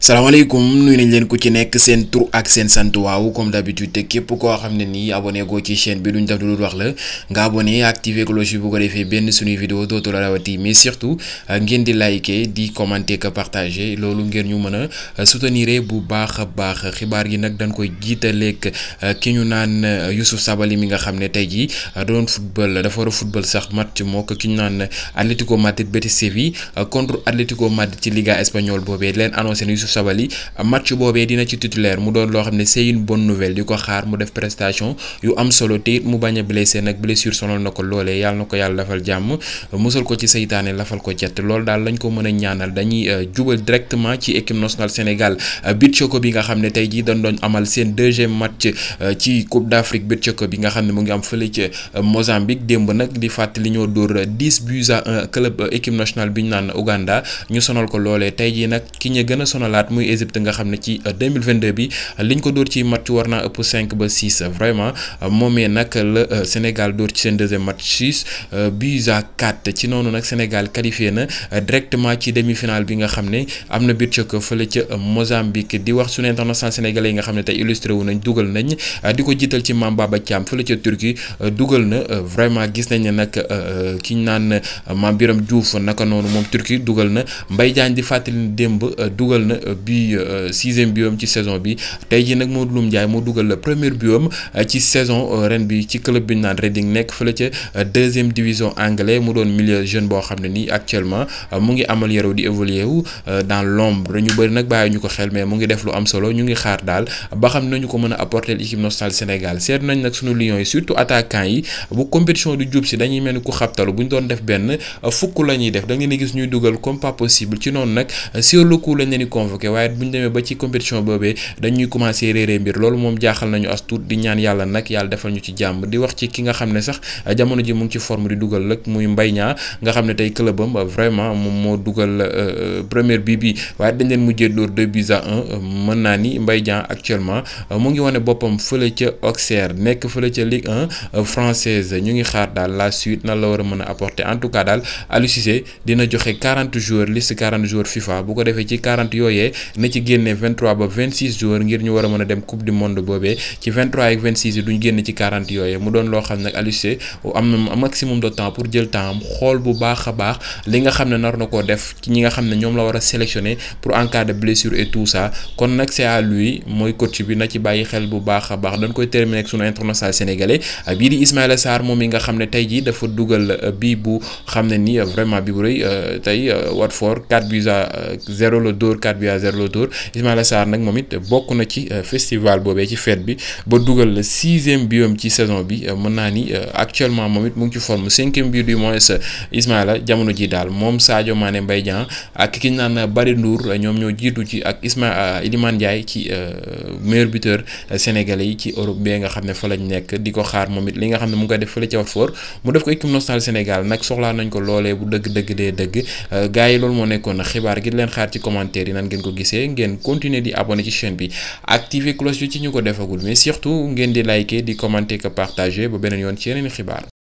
salaamaaleykum nuyu nañ leen ku ci nekk seen tur ak seen sant waaw comme d'habitude te képp koo xam ne nii abonné goo ci chaîne bi duñ def lu dul wax la nga abonné activé cloche bi bu ko defee benn suñuy vidéo dootu la rawati mais surtout euh, ngeen di liker di commenter que partager loolu ngeen ñu mën a euh, soutenir bu baax a baax xibaar gi nag dañ koy jiitaleeg euh, ki ñu naan Youssouf sabali mi nga xam ne tey jii da doon football dafa war a futbal sax match moo ki ñu naan Atlético Madrid Betis Séville contre Atlético Madrid ci Liga espagnole boobee leen annoncé na Youssouf Sabaly match boobee dina ci titulaire mu doon loo xam ne c'est une bonne nouvelle di ko xaar mu def prestation yu am solo te it mu bañ a blessé nag blessure sonal na ko loolee yàlla na ko yàlla dafal jàmm musal ko ci seytaane lafal ko cet loolu daal lañ ko mën a ñaanal dañuy euh, jubal directement ci équipe nationale Sénégal euh, Bitchoko bi nga xam ne tey jii dañ doon amal seen deuxième match euh, ci Coupe d'Afrique Bitchoko bi nga xam ne mu ngi am fële ca Mozambique démb nag di fàttali ñoo dóor 10 buts à 1 club équipe nationale bi ñu naan Ouganda at muy Égypte nga xam ne ci 2022 euh, bi liñ ko dóor ci match war naa ëpp 5 ba 6 vraiment euh, moomee nag la euh, Sénégal dóor ci seen deuxième match 6 buts à 4 ci noonu nag Sénégal qualifié na directement ci demi-finale bi nga xam ne am na biir ca fële ca Mozambique di wax suñu international sénégalais yi nga xam ne te illustré wu nañ dugal nañ di ko jiital ci Mame Baba Thiam fële ca Turquie dugal na vraiment gis nañ ne nag ki ñu naan Mame Biram Diouf naka na Mbaye Diagne di fàttali na. bi euh, sixième biom ci saison bi tey ji nag Modou Loum Ndiaye moo dugal premier biom euh, ci saison euh, ren bi ci club bi ñu naan Reading nekk fële ca deuxième division anglais mu doon milieu jeune boo xam ne nii actuellement mu ngi amal yaroo di évoluer wu dans l'ombre ñu bëri nag bàyyi ñu ko xel mais mu ngi def lu am solo ñu ngi xaar daal ba xam nañu ko mën a apporter l'équipe nationale Sénégal seet nañ nag sunu lions yi surtout attaquants yi bu compétition si dañuy mel ni ku xabtalu bu ñu doon def benn fukk la ñuy def da ngeen di gis ñuy dugal comme pas possible ci noonu nag convoqué waaye bu ñu demee ba ci compétition boobee dañuy commencé réeree mbir loolu moom jaaxal nañu as tuut di ñaan yàlla nag yàlla defal ñu ci jàmm di wax ci ki nga xam ne sax euh, jamono ji mu ngi ci forme di dugal nag muy mbay ñaa nga xam ne tey clubam euh, vraiment moom moo dugal euh, première bi bi waaye dañ leen mujjee dóor deux buts un mën naa ni Mbaye actuellement mu ngi wane boppam fële ca Auxerre nekk fële ca Ligue 1 française ñu ngi xaar daal la suite nan la war a mën a apporter en tout cas daal Aliou Cissé dina joxe 40 joueurs liste 40 joueurs FIFA bu ko defee ci 40 yooyee boobee na ci génnee 23 ba 26 joueurs ngir ñu war a mën a dem coupe du monde boobee ci 23 ak 26 duñ génn ci 40 yooyu mu doon loo xam nag Aliou Cissé am na maximum de temps pour jël temps xool bu baax a baax li nga xam ne nar na koo def ci ñi nga xam ne ñoom la war a sélectionner pour en cas de blessure et tout kon nag c'est à lui mooy coach bi na ci bàyyi xel bu baax a baax dañ koy terminer ak sunu international sénégalais bii di Ismaïla Sarr moom ne tey jii dafa dugal euh, bii bu xam ne ni euh, vraiment bi bu rëy euh, tey Watford 4 buts à zéro tour Ismaïla Sarr nag moom it bokk na ci euh, festival boobee ci fête bi ba dugal la sixième biom ci saison bi euh, mën naa ni euh, actuellement moom it mu ngi ci forme cinquième bi du moins Ismaïla jamono ji daal moom Sadio Mané Mbaye Niang ak ki ñu naan Bari Ndour ñoom ñoo jiitu ci ak Ismaïla Iliman Ndiaye ci meilleur buteur sénégalais yi ci Europe bee nga xam ne fa lañ nekk di ko xaar moom it li nga xam ne mu ngi koy def fële ca Watford ko équipe nationale Sénégal nag soxlaa nañ ko loolee bu dëgg dëgg dee dëgg gars loolu moo nekkoon xibaar gi leen xaar ci commentaire yi nan ngeen ko gisee ngeen continuer di abonné ci chaîne bi activer cloche bi ci ñu ko defagul mais surtout ngeen di liker di commenter que partager ba beneen yoon ci yeneen xibaar